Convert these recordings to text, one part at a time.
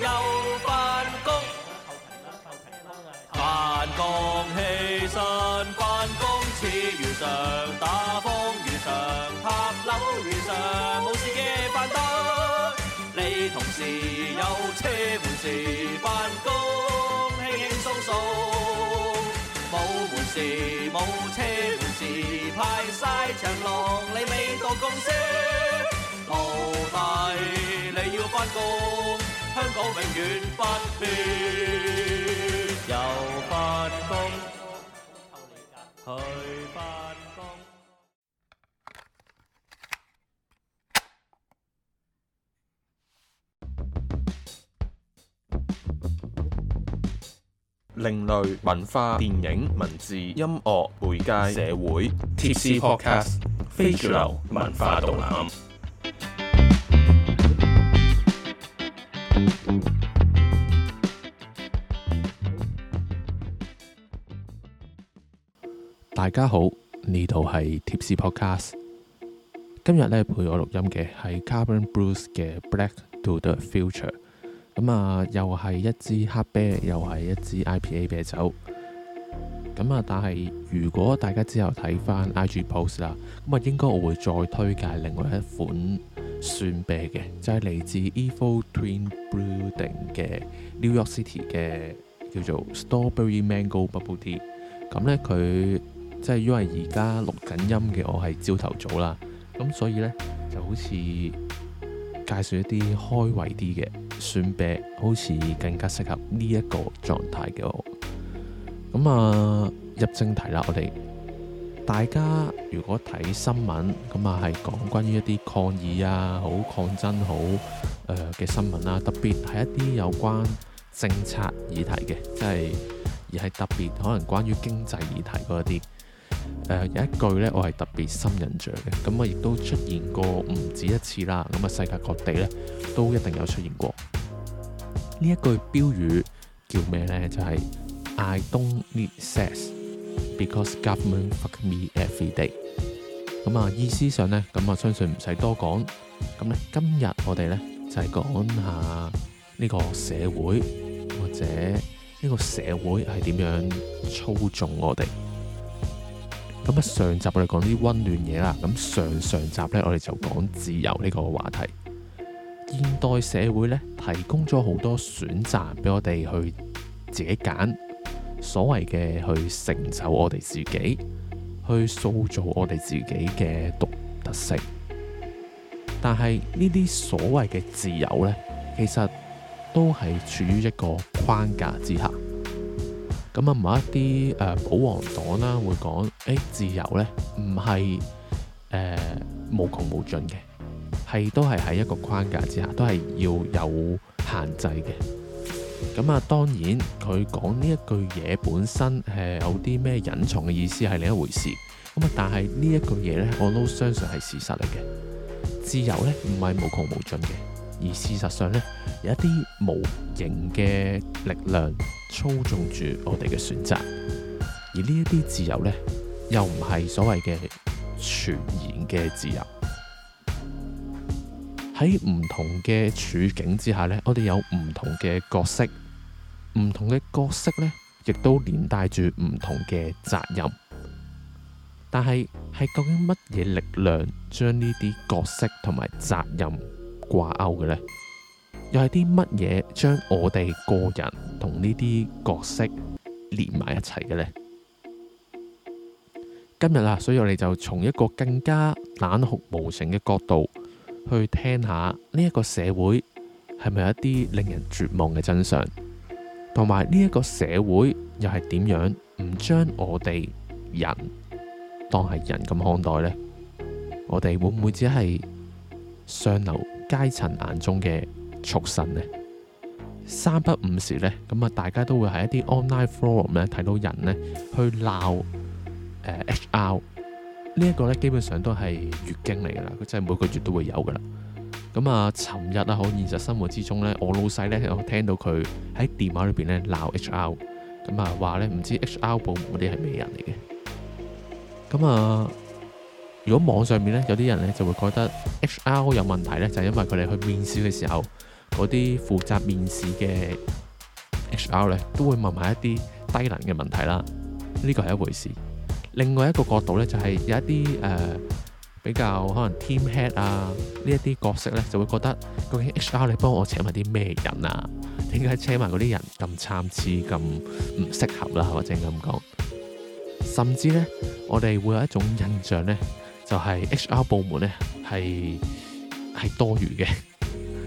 又返工，返工起身返工似如常打風，如常塌樓，如常無事嘅返工。你同事有車門匙返工，輕輕鬆鬆；冇門匙冇車門匙排晒長龍，你未到公司老細。另類文化、電影、文字、音樂、媒介、社會、貼士、Podcast、非主流文化導覽。大家好，呢度係 Tipsy Podcast。今日咧陪我錄音嘅係 Carbon Bruce 嘅 Black to the Future。咁啊，又係一支黑啤，又係一支 IPA 啤酒。咁啊，但係如果大家之後睇翻 IG Post 啦，咁啊，應該我會再推介另外一款。蒜啤嘅就係、是、嚟自 Evo Twin Brewing 嘅 New York City 嘅叫做 Strawberry Mango Bubble Tea。咁呢，佢即係因為而家錄緊音嘅我係朝頭早啦，咁所以呢，就好似介紹一啲開胃啲嘅蒜啤，好似更加適合呢一個狀態嘅我。咁啊，入正題啦，我哋。大家如果睇新聞，咁啊係講關於一啲抗議啊、好抗爭、好嘅新聞啦、啊，特別係一啲有關政策議題嘅，即係而係特別可能關於經濟議題嗰啲、呃。有一句呢，我係特別深印象嘅，咁啊亦都出現過唔止一次啦。咁啊世界各地呢，都一定有出現過呢一句標語叫咩呢？就係、是、I don't need sex。Because government fuck me every day。咁啊，意思上呢，咁啊，相信唔使多講。咁咧，今日我哋呢，就係講下呢個社會或者呢個社會係點樣操縱我哋。咁啊，上集我哋講啲溫暖嘢啦。咁上上集呢，我哋就講自由呢個話題。現代社會呢，提供咗好多選擇俾我哋去自己揀。所謂嘅去成就我哋自己，去塑造我哋自己嘅獨特性。但係呢啲所謂嘅自由呢，其實都係處於一個框架之下。咁、呃、啊，某一啲誒保皇黨啦，會講誒自由呢，唔係誒無窮無盡嘅，係都係喺一個框架之下，都係要有限制嘅。咁啊，當然佢講呢一句嘢本身，係有啲咩隱藏嘅意思係另一回事。咁啊，但係呢一句嘢呢，我都相信係事實嚟嘅。自由呢，唔係無窮無盡嘅，而事實上呢，有一啲無形嘅力量操縱住我哋嘅選擇。而呢一啲自由呢，又唔係所謂嘅全然嘅自由。喺唔同嘅處境之下呢，我哋有唔同嘅角色。唔同嘅角色呢，亦都連帶住唔同嘅責任。但係係究竟乜嘢力量將呢啲角色同埋責任掛鈎嘅呢？又係啲乜嘢將我哋個人同呢啲角色連埋一齊嘅呢？今日啊，所以我哋就從一個更加冷酷無情嘅角度去聽下呢一個社會係咪有一啲令人絕望嘅真相？同埋呢一個社會又係點樣唔將我哋人當係人咁看待呢？我哋會唔會只係上流階層眼中嘅畜生呢？三不五時呢，咁啊，大家都會喺一啲 online forum 咧睇到人呢去鬧誒、呃、HR、這個、呢一個咧，基本上都係月經嚟噶啦，佢真係每個月都會有噶啦。咁啊，尋日啊，好現實生活之中呢，我老細呢，有聽到佢喺電話裏面呢鬧 H.R.，咁啊話呢唔知 H.R. 部門啲係咩人嚟嘅。咁啊，如果網上面呢，有啲人呢就會覺得 H.R. 有問題呢，就係因為佢哋去面試嘅時候，嗰啲負責面試嘅 H.R. 呢，都會問埋一啲低能嘅問題啦。呢個係一回事。另外一個角度呢，就係有一啲誒。呃比較可能 team head 啊呢一啲角色呢，就會覺得究竟 HR 你幫我請埋啲咩人啊？點解請埋嗰啲人咁參差、咁唔適合啦？或者咁講，甚至呢，我哋會有一種印象呢，就係 HR 部門呢係係多餘嘅。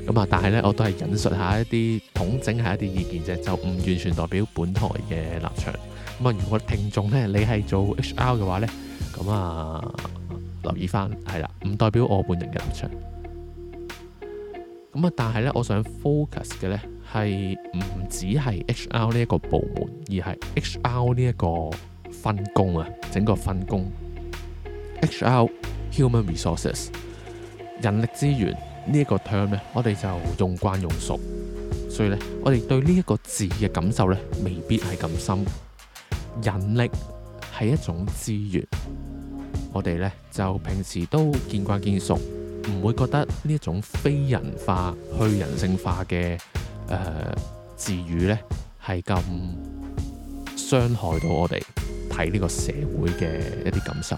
咁啊，但係呢，我都係引述下一啲統整下一啲意見啫，就唔完全代表本台嘅立場。咁啊，如果聽眾呢，你係做 HR 嘅話呢，咁啊～留意翻，係啦，唔代表我本人嘅立場。咁啊，但係咧，我想 focus 嘅咧，係唔止係 HR 呢一個部門，而係 HR 呢一個分工啊，整個分工。HR（Human Resources） 人力資源呢一個 term 咧，我哋就用慣用熟，所以咧，我哋對呢一個字嘅感受咧，未必係咁深。人力係一種資源。我哋呢，就平時都見慣見熟，唔會覺得呢一種非人化、去人性化嘅誒字語呢係咁傷害到我哋睇呢個社會嘅一啲感受。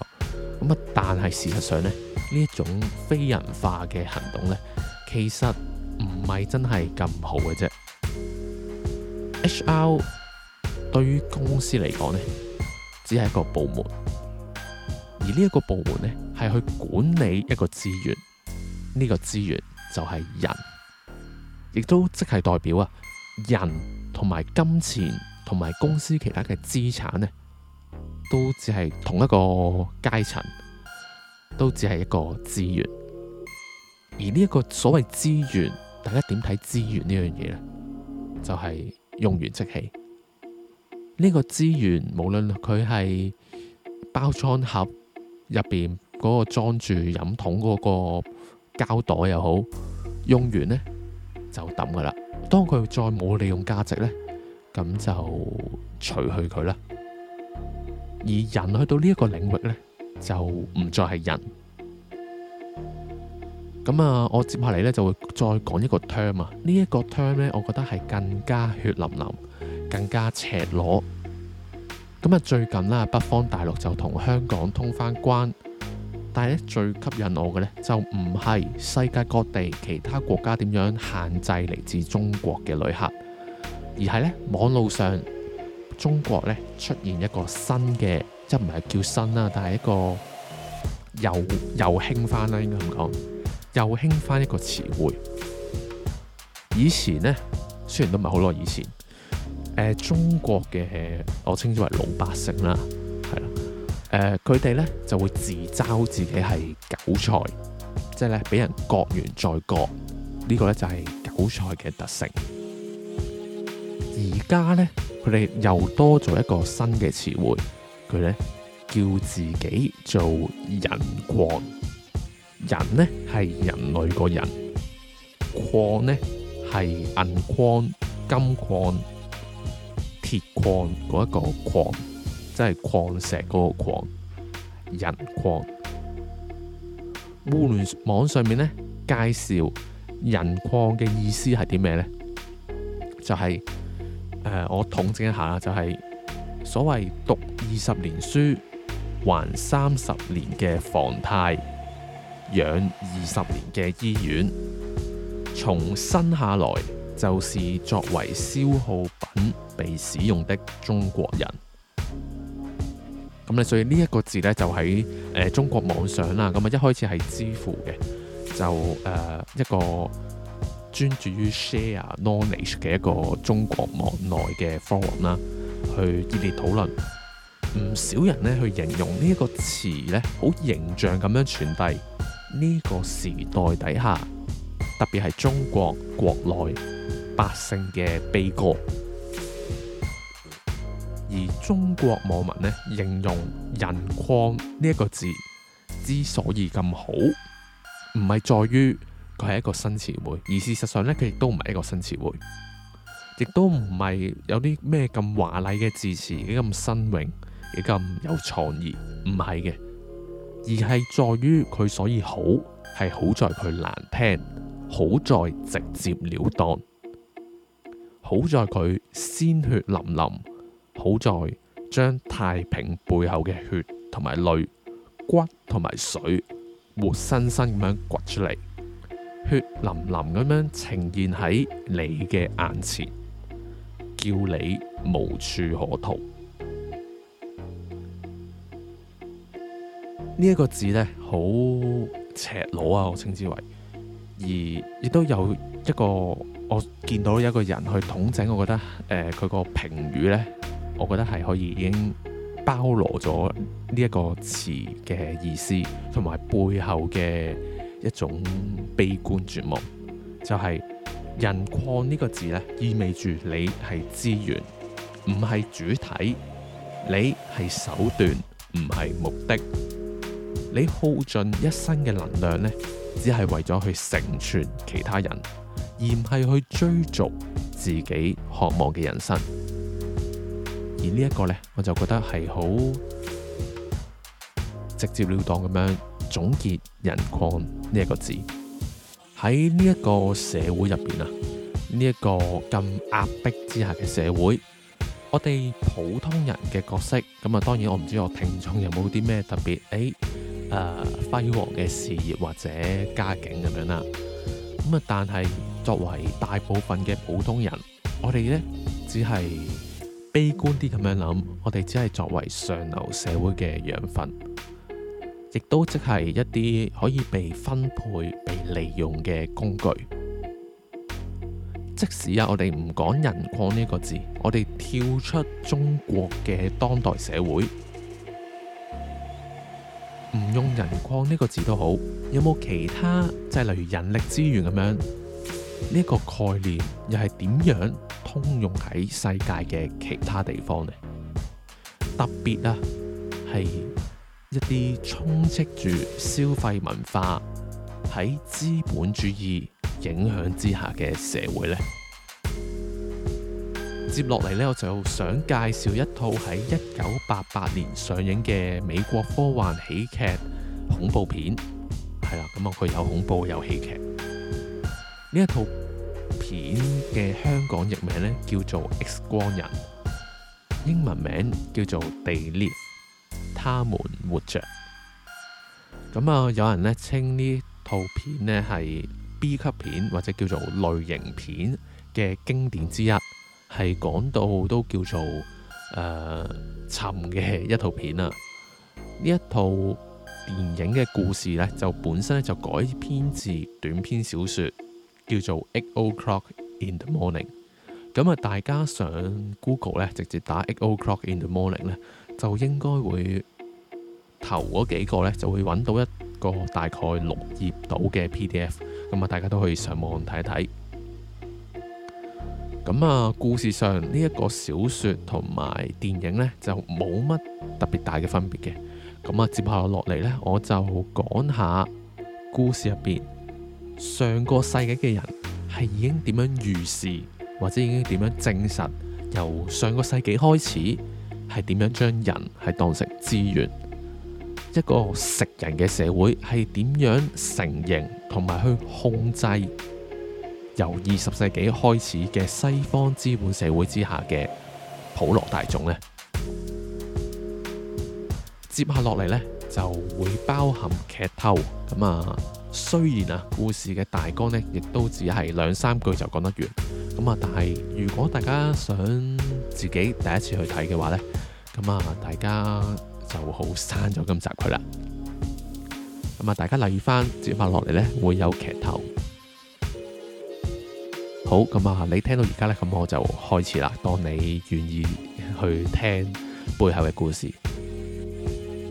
咁啊，但係事實上呢，呢一種非人化嘅行動呢，其實唔係真係咁好嘅啫。HR 對於公司嚟講呢，只係一個部門。而呢一個部門呢，係去管理一個資源，呢個資源就係人，亦都即係代表啊，人同埋金錢同埋公司其他嘅資產呢，都只係同一個階層，都只係一個資源。而呢一個所謂資源，大家點睇資源呢樣嘢呢？就係用完即棄。呢個資源無論佢係包裝盒。入邊嗰個裝住飲桶嗰個膠袋又好，用完呢就抌噶啦。當佢再冇利用價值呢，咁就除去佢啦。而人去到呢一個領域呢，就唔再係人。咁啊，我接下嚟呢就會再講一個 term 啊。這個、呢一個 term 咧，我覺得係更加血淋淋，更加赤裸。咁啊，最近咧，北方大陸就同香港通翻關，但係咧，最吸引我嘅咧，就唔係世界各地其他國家點樣限制嚟自中國嘅旅客，而係咧網路上中國咧出現一個新嘅，即唔係叫新啦，但係一個又又興翻啦，應該咁講，又興翻一個詞彙。以前呢，雖然都唔係好耐以前。呃、中國嘅我稱之為老百姓啦，係啦，呃、佢哋咧就會自嘲自己係韭菜，即係咧俾人割完再割，這個、呢個咧就係、是、韭菜嘅特性。而家咧佢哋又多做一個新嘅詞彙，佢咧叫自己做人礦。人呢係人類個人，礦呢係銀礦、金礦。鐵礦嗰一個礦，即係礦石嗰個礦，人礦。互論互聯網上面咧介紹人礦嘅意思係啲咩呢？就係、是呃、我統整一下就係、是、所謂讀二十年書，還三十年嘅房貸，養二十年嘅醫院，從生下來。就是作為消耗品被使用的中國人，咁咧，所以呢一個字呢，就喺誒、呃、中國網上啦。咁啊，一開始係知乎嘅，就誒、呃、一個專注於 share knowledge 嘅一個中國網內嘅 forum 啦，去熱烈討論。唔少人呢，去形容呢一個詞咧，好形象咁樣傳遞呢、這個時代底下，特別係中國國內。百姓嘅悲歌，而中國網民呢，形容“人礦”呢一個字之所以咁好，唔係在於佢係一個新詞彙，而事實上呢，佢亦都唔係一個新詞彙，亦都唔係有啲咩咁華麗嘅字詞，幾咁新穎，幾咁有創意，唔係嘅，而係在於佢所以好係好在佢難聽，好在直接了當。好在佢鮮血淋淋，好在將太平背後嘅血同埋淚、骨同埋水活生生咁樣掘出嚟，血淋淋咁樣呈現喺你嘅眼前，叫你無處可逃。呢一個字呢，好赤裸啊，我稱之為，而亦都有。一個我見到有個人去統整，我覺得誒佢個評語呢，我覺得係可以已經包羅咗呢一個詞嘅意思，同埋背後嘅一種悲觀絕望。就係、是、人礦呢個字呢，意味住你係資源唔係主體，你係手段唔係目的，你耗盡一生嘅能量呢，只係為咗去成全其他人。而唔係去追逐自己渴望嘅人生，而呢一個呢，我就覺得係好直接了當咁樣總結人礦呢一個字。喺呢一個社會入邊啊，呢、這、一個咁壓迫之下嘅社會，我哋普通人嘅角色咁啊，當然我唔知道我聽眾有冇啲咩特別誒，誒輝煌嘅事業或者家境咁樣啦。咁啊，但係。作為大部分嘅普通人，我哋呢只係悲觀啲咁樣諗，我哋只係作為上流社會嘅養分，亦都即係一啲可以被分配、被利用嘅工具。即使啊，我哋唔講人礦呢個字，我哋跳出中國嘅當代社會，唔用人礦呢個字都好，有冇其他就係例如人力資源咁樣？呢個概念又係點樣通用喺世界嘅其他地方呢？特別啊，係一啲充斥住消費文化喺資本主義影響之下嘅社會呢。接落嚟呢，我就想介紹一套喺一九八八年上映嘅美國科幻喜劇恐怖片，係啦，咁啊佢有恐怖有喜劇。呢一套片嘅香港譯名呢，叫做《X 光人》，英文名叫做《They Live》，他們活着。咁啊，有人呢稱呢套片呢係 B 級片或者叫做類型片嘅經典之一，係講到都叫做誒、呃、沉嘅一套片啊。呢一套電影嘅故事呢，就本身就改編自短篇小說。叫做 eight o'clock in the morning。咁啊，大家上 Google 咧，直接打 eight o'clock in the morning 咧，就應該會頭嗰幾個咧，就會揾到一個大概六頁到嘅 PDF。咁啊，大家都可以上網睇一睇。咁啊，故事上呢一個小說同埋電影咧，就冇乜特別大嘅分別嘅。咁啊，接下落嚟咧，我就講下故事入邊。上個世紀嘅人係已經點樣預示，或者已經點樣證實？由上個世紀開始係點樣將人係當成資源，一個食人嘅社會係點樣成型同埋去控制？由二十世紀開始嘅西方資本社會之下嘅普羅大眾呢？接下落嚟呢，就會包含劇透咁啊！雖然啊，故事嘅大綱呢，亦都只係兩三句就講得完。咁啊，但係如果大家想自己第一次去睇嘅話呢，咁啊，大家就好刪咗今集佢啦。咁啊，大家留意翻，接翻落嚟呢，會有劇透。好，咁啊，你聽到而家呢，咁我就開始啦。當你願意去聽背後嘅故事，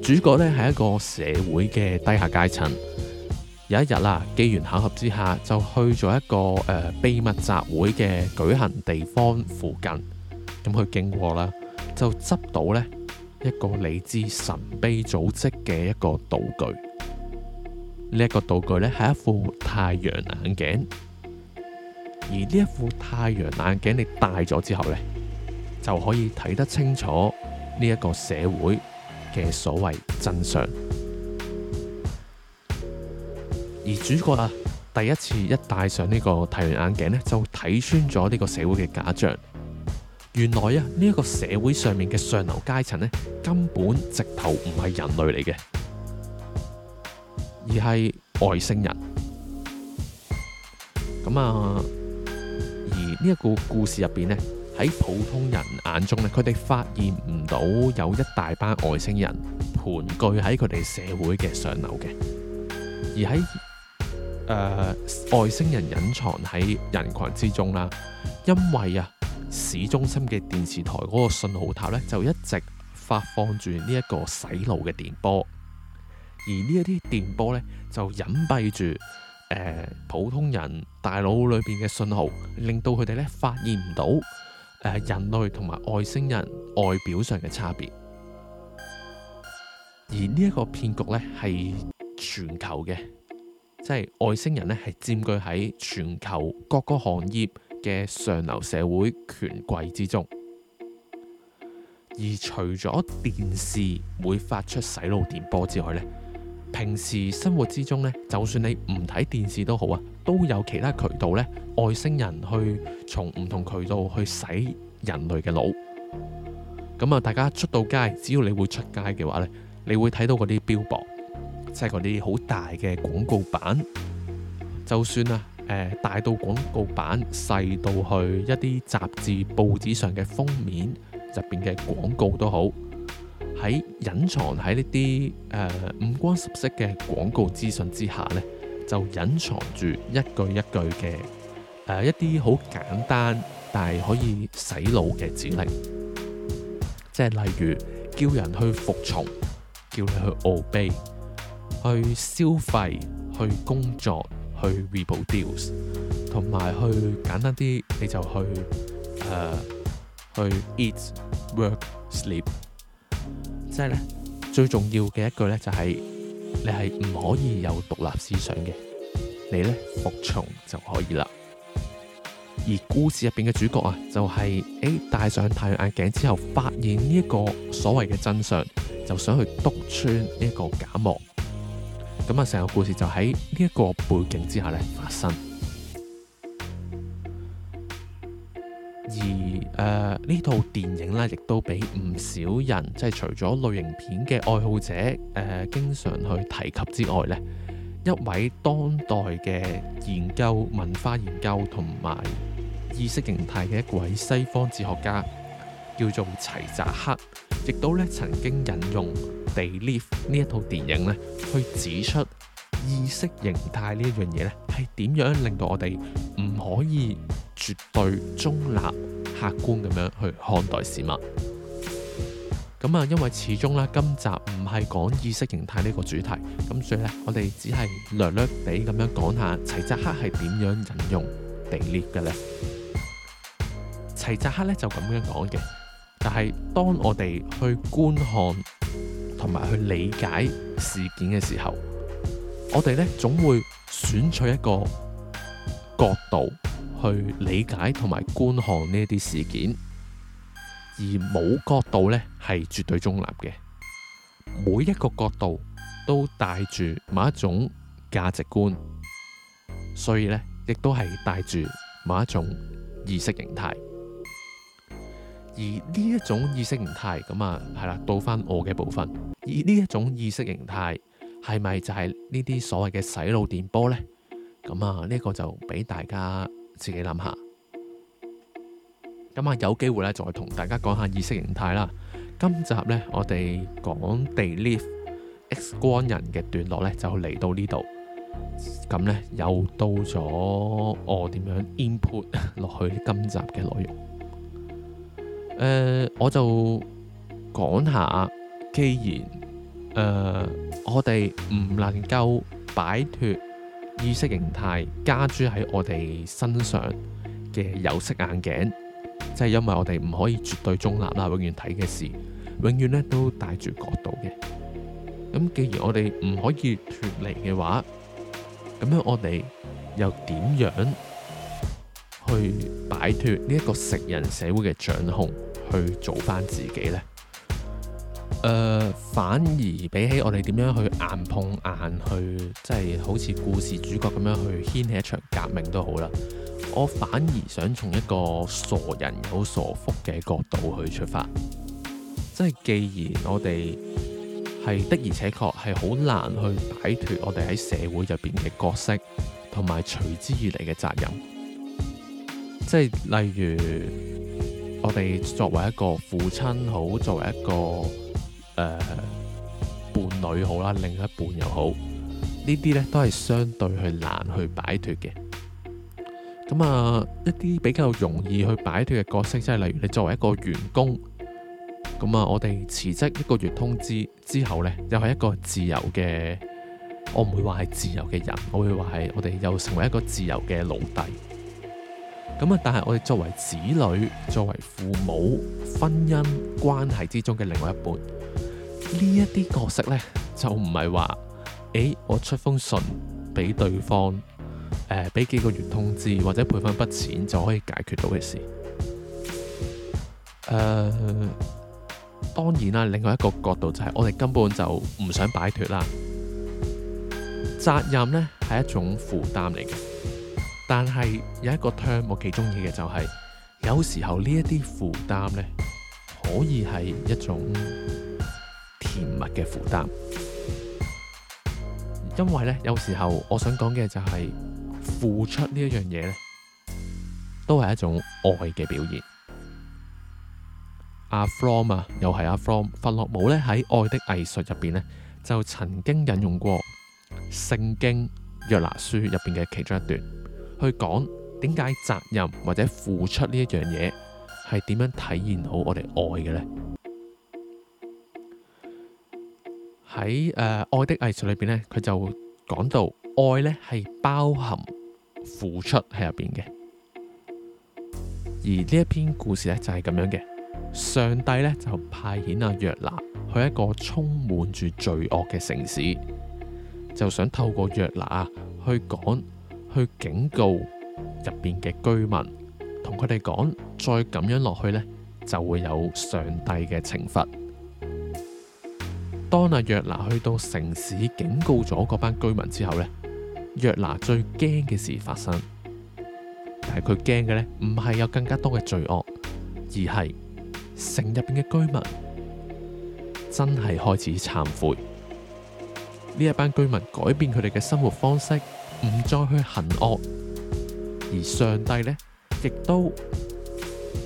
主角呢係一個社會嘅低下階層。有一日啦，機緣巧合之下，就去咗一個誒、呃、秘密集會嘅舉行地方附近，咁去經過啦，就執到呢一個嚟自神秘組織嘅一個道具。呢、這、一個道具呢係一副太陽眼鏡，而呢一副太陽眼鏡你戴咗之後呢，就可以睇得清楚呢一個社會嘅所謂真相。而主角啊，第一次一戴上呢個太陽眼鏡呢，就睇穿咗呢個社會嘅假象。原來啊，呢、這、一個社會上面嘅上流階層呢，根本直頭唔係人類嚟嘅，而係外星人。咁啊，而呢一個故事入邊呢，喺普通人眼中呢，佢哋發現唔到有一大班外星人盤踞喺佢哋社會嘅上流嘅，而喺。誒、呃，外星人隱藏喺人群之中啦，因為啊，市中心嘅電視台嗰個信號塔咧，就一直發放住呢一個洗腦嘅電波，而呢一啲電波咧就隱蔽住誒、呃、普通人大腦裏邊嘅信號，令到佢哋咧發現唔到誒人類同埋外星人外表上嘅差別，而呢一個騙局咧係全球嘅。即係外星人咧，係佔據喺全球各個行業嘅上流社會權貴之中。而除咗電視會發出洗腦電波之外呢，平時生活之中呢，就算你唔睇電視都好啊，都有其他渠道呢，外星人去從唔同渠道去洗人類嘅腦。咁啊，大家出到街，只要你會出街嘅話呢，你會睇到嗰啲標榜。即係嗰啲好大嘅廣告板，就算啊，誒、呃、大到廣告板，細到去一啲雜誌報紙上嘅封面入邊嘅廣告都好隱，喺隱藏喺呢啲誒五光十色嘅廣告資訊之下呢，就隱藏住一句一句嘅誒、呃、一啲好簡單但係可以洗腦嘅指令，即係例如叫人去服從，叫你去 obey。去消費、去工作、去 reproduce，同埋去簡單啲，你就去、呃、去 eat、work、sleep。即係咧，最重要嘅一句咧就係你係唔可以有獨立思想嘅，你咧服從就可以啦。而故事入面嘅主角啊，就係戴上太陽眼鏡之後，發現呢一個所謂嘅真相，就想去篤穿呢個假膜。咁啊，成個故事就喺呢一個背景之下咧發生。而誒呢套電影咧，亦都俾唔少人即係、就是、除咗類型片嘅愛好者、呃、經常去提及之外咧，一位當代嘅研究文化研究同埋意識形態嘅一位西方哲學家，叫做齊扎克。亦都咧，曾經引用《They Live》呢一套電影咧，去指出意識形態呢一樣嘢咧，係點樣令到我哋唔可以絕對中立、客觀咁樣去看待事物。咁、嗯、啊，因為始終啦，今集唔係講意識形態呢個主題，咁所以咧，我哋只係略略地咁樣講下齊澤克係點樣引用《They Live》嘅咧。齊澤克咧就咁樣講嘅。但係，當我哋去觀看同埋去理解事件嘅時候，我哋咧總會選取一個角度去理解同埋觀看呢啲事件，而冇角度咧係絕對中立嘅。每一個角度都帶住某一種價值觀，所以咧亦都係帶住某一種意識形態。而呢一種意識形態，咁啊，係啦，到返我嘅部分。而呢一種意識形態，係咪就係呢啲所謂嘅洗腦電波咧？咁啊，呢個就俾大家自己諗下。咁啊，有機會咧，再同大家講下意識形態啦。今集咧，我哋講 They LiveX 光人嘅段落咧，就嚟到呢度。咁咧，又到咗我點樣 input 落去今集嘅內容。誒、呃，我就講下，既然誒、呃，我哋唔能夠擺脫意識形態加諸喺我哋身上嘅有色眼鏡，即係因為我哋唔可以絕對中立啦，永遠睇嘅事，永遠咧都帶住角度嘅。咁既然我哋唔可以脫離嘅話，咁樣我哋又點樣？去擺脫呢一個食人社會嘅掌控，去做翻自己呢？誒、呃，反而比起我哋點樣去硬碰硬去，去即係好似故事主角咁樣去掀起一場革命都好啦。我反而想從一個傻人有傻福嘅角度去出發，即係既然我哋係的而且確係好難去擺脫我哋喺社會入邊嘅角色，同埋隨之而嚟嘅責任。即係例如，我哋作為一個父親好，作為一個誒、呃、伴侶好啦，另一半又好，這些呢啲呢都係相對去難去擺脫嘅。咁啊，一啲比較容易去擺脫嘅角色，即係例如你作為一個員工，咁啊，我哋辭職一個月通知之後呢，又係一個自由嘅，我唔會話係自由嘅人，我會話係我哋又成為一個自由嘅奴隸。咁啊！但係我哋作為子女、作為父母、婚姻關係之中嘅另外一半，呢一啲角色呢，就唔係話誒，我出封信俾對方，誒、呃，俾幾個月通知或者賠翻筆錢就可以解決到嘅事。誒、呃，當然啦，另外一個角度就係我哋根本就唔想擺脫啦，責任呢，係一種負擔嚟嘅。但係有一個 term 我幾中意嘅，就係有時候呢一啲負擔呢，可以係一種甜蜜嘅負擔。因為呢，有時候我想講嘅就係、是、付出呢一樣嘢呢，都係一種愛嘅表現。阿、啊、From 啊，又係阿、啊、From 法洛姆呢喺《愛的藝術》入邊呢，就曾經引用過聖經約拿書入邊嘅其中一段。去講點解責任或者付出呢一樣嘢係點樣體現好我哋愛嘅呢？喺誒《愛的藝術》裏邊呢，佢就講到愛呢係包含付出喺入邊嘅。而呢一篇故事呢，就係咁樣嘅，上帝呢，就派遣阿若拿去一個充滿住罪惡嘅城市，就想透過若拿去講。去警告入邊嘅居民，同佢哋講，再咁樣落去呢，就會有上帝嘅懲罰。當阿約拿去到城市警告咗嗰班居民之後呢，約拿最驚嘅事發生，但係佢驚嘅呢，唔係有更加多嘅罪惡，而係城入邊嘅居民真係開始懺悔，呢一班居民改變佢哋嘅生活方式。唔再去行惡，而上帝呢，亦都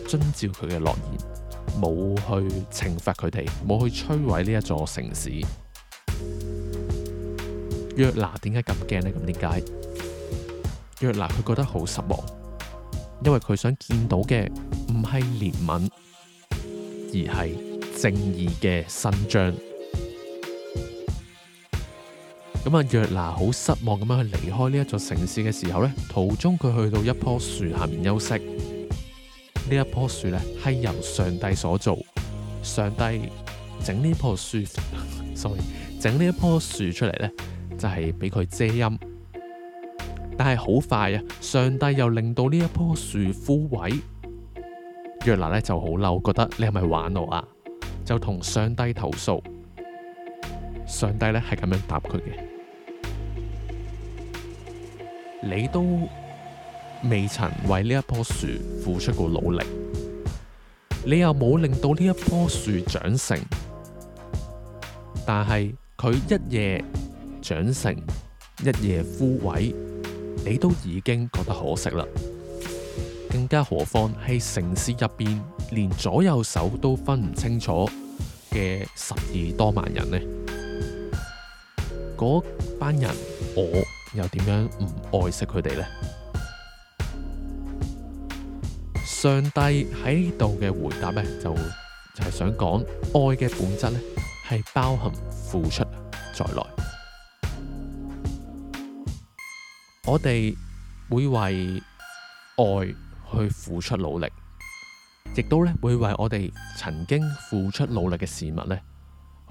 遵照佢嘅諾言，冇去懲罰佢哋，冇去摧毀呢一座城市。約拿點解咁驚呢？咁點解？約拿佢覺得好失望，因為佢想見到嘅唔係憐憫，而係正義嘅伸張。咁啊，約拿好失望咁樣去離開呢一座城市嘅時候咧，途中佢去到一棵樹下面休息。呢一棵樹咧係由上帝所做，上帝整呢棵樹，sorry，整呢一棵樹出嚟咧就係俾佢遮陰。但係好快啊，上帝又令到呢一棵樹枯萎。約拿咧就好嬲，覺得你係咪玩我啊？就同上帝投訴。上帝咧係咁樣答佢嘅。你都未曾為呢一棵樹付出過努力，你又冇令到呢一棵樹長成，但係佢一夜長成，一夜枯萎，你都已經覺得可惜啦。更加何況喺城市入邊，連左右手都分唔清楚嘅十二多萬人呢？嗰班人，我。又點樣唔愛惜佢哋呢？上帝喺度嘅回答呢，就就係想講愛嘅本質呢係包含付出在內。我哋會為愛去付出努力，亦都呢會為我哋曾經付出努力嘅事物呢，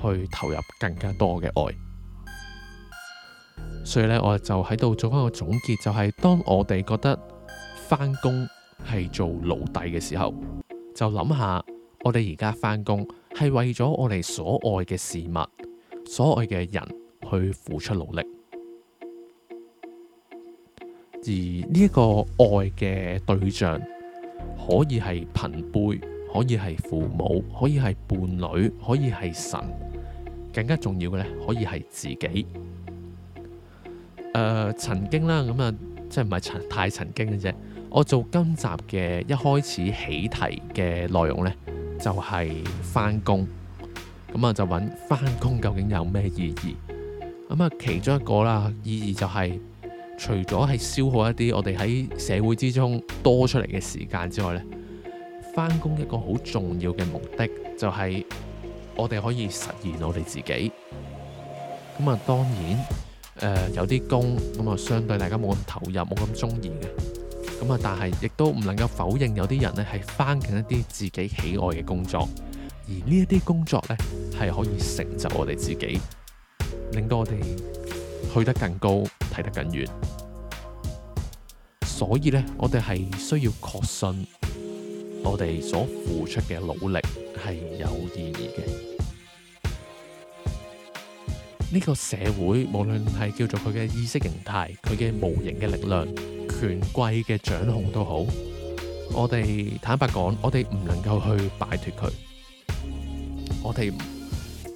去投入更加多嘅愛。所以咧，我就喺度做翻個總結，就係、是、當我哋覺得翻工係做奴隸嘅時候，就諗下我哋而家翻工係為咗我哋所愛嘅事物、所愛嘅人去付出努力。而呢一個愛嘅對象，可以係朋輩，可以係父母，可以係伴侶，可以係神，更加重要嘅咧，可以係自己。誒、呃，曾經啦，咁啊，即係唔係太曾經嘅啫。我做今集嘅一開始起題嘅內容呢，就係翻工。咁啊，就揾翻工究竟有咩意義？咁啊，其中一個啦，意義就係、是、除咗係消耗一啲我哋喺社會之中多出嚟嘅時間之外呢，翻工一個好重要嘅目的就係、是、我哋可以實現我哋自己。咁啊，當然。誒、呃、有啲工咁啊，就相對大家冇咁投入，冇咁中意嘅。咁啊，但係亦都唔能夠否認有啲人呢係返緊一啲自己喜愛嘅工作，而呢一啲工作呢係可以成就我哋自己，令到我哋去得更高，睇得更遠。所以呢，我哋係需要確信我哋所付出嘅努力係有意義嘅。呢個社會無論係叫做佢嘅意識形態、佢嘅無形嘅力量、權貴嘅掌控都好，我哋坦白講，我哋唔能夠去擺脫佢。我哋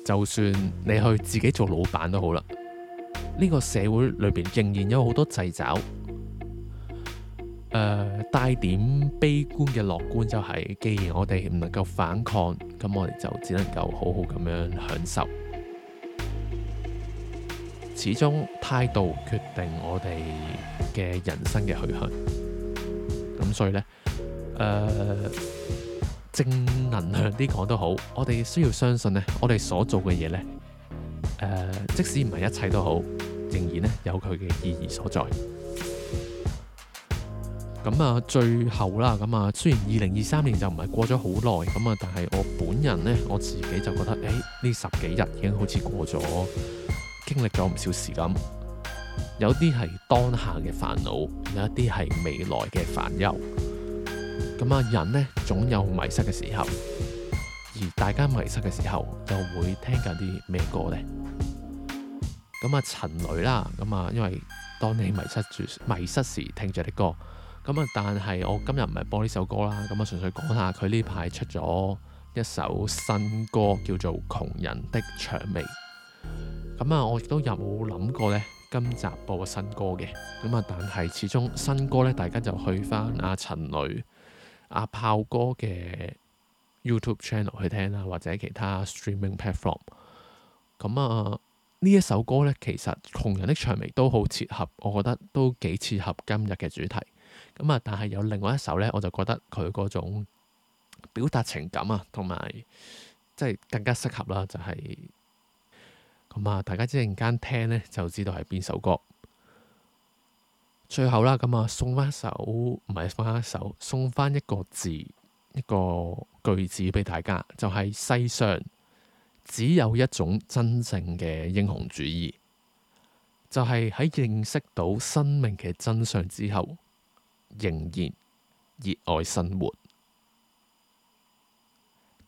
就算你去自己做老闆都好啦，呢、這個社會裏面仍然有好多掣肘。誒、呃，帶點悲觀嘅樂觀就係、是，既然我哋唔能夠反抗，咁我哋就只能夠好好咁樣享受。始終態度決定我哋嘅人生嘅去向，咁所以呢，誒、呃、正能量啲講都好，我哋需要相信呢，我哋所做嘅嘢呢，即使唔係一切都好，仍然呢有佢嘅意義所在。咁啊，最後啦，咁啊，雖然二零二三年就唔係過咗好耐，咁啊，但係我本人呢，我自己就覺得，誒呢十幾日已經好似過咗。經歷咗唔少時間，有啲係當下嘅煩惱，有一啲係未來嘅煩憂。咁啊，人呢，總有迷失嘅時候，而大家迷失嘅時候又會聽緊啲咩歌呢？咁啊，陳蕾啦，咁啊，因為當你迷失住、迷失時聽住啲歌。咁啊，但係我今日唔係播呢首歌啦，咁啊，純粹講下佢呢排出咗一首新歌，叫做《窮人的薔薇》。咁啊，我亦都有冇諗過咧，今集播新歌嘅。咁啊，但係始終新歌咧，大家就去返阿陳蕾阿炮哥嘅 YouTube channel 去聽啦，或者其他 streaming platform。咁啊，呢一首歌咧，其實《窮人的薔薇》都好切合，我覺得都幾切合今日嘅主題。咁啊，但係有另外一首咧，我就覺得佢嗰種表達情感啊，同埋即係更加適合啦，就是，就係。咁啊！大家即陣間聽咧，就知道係邊首歌。最後啦，咁啊，送翻一首，唔係送翻一首，送翻一個字，一個句子俾大家，就係、是、世上只有一種真正嘅英雄主義，就係、是、喺認識到生命嘅真相之後，仍然熱愛生活。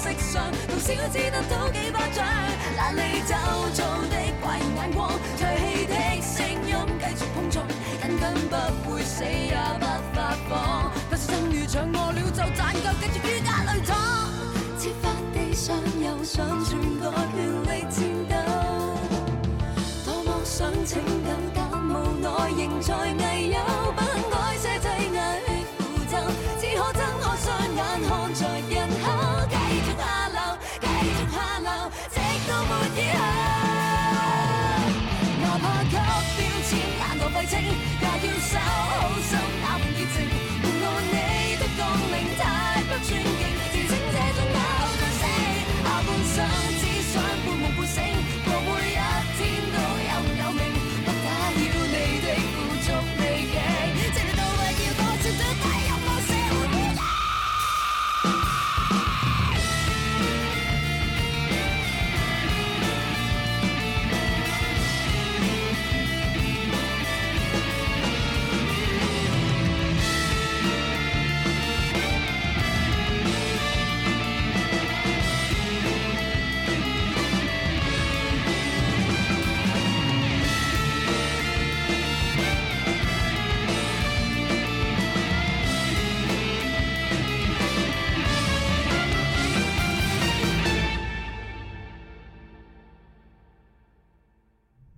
同小多得到幾巴掌？懶理周遭的怪異眼光，唾棄的聲音繼續碰撞，根本不會死也不發慌。不是爭與搶，餓了就賺夠，繼續於家裏躺。怯怯地上有上，篡改權力戰鬥，多麼想拯救，但無奈仍在危憂。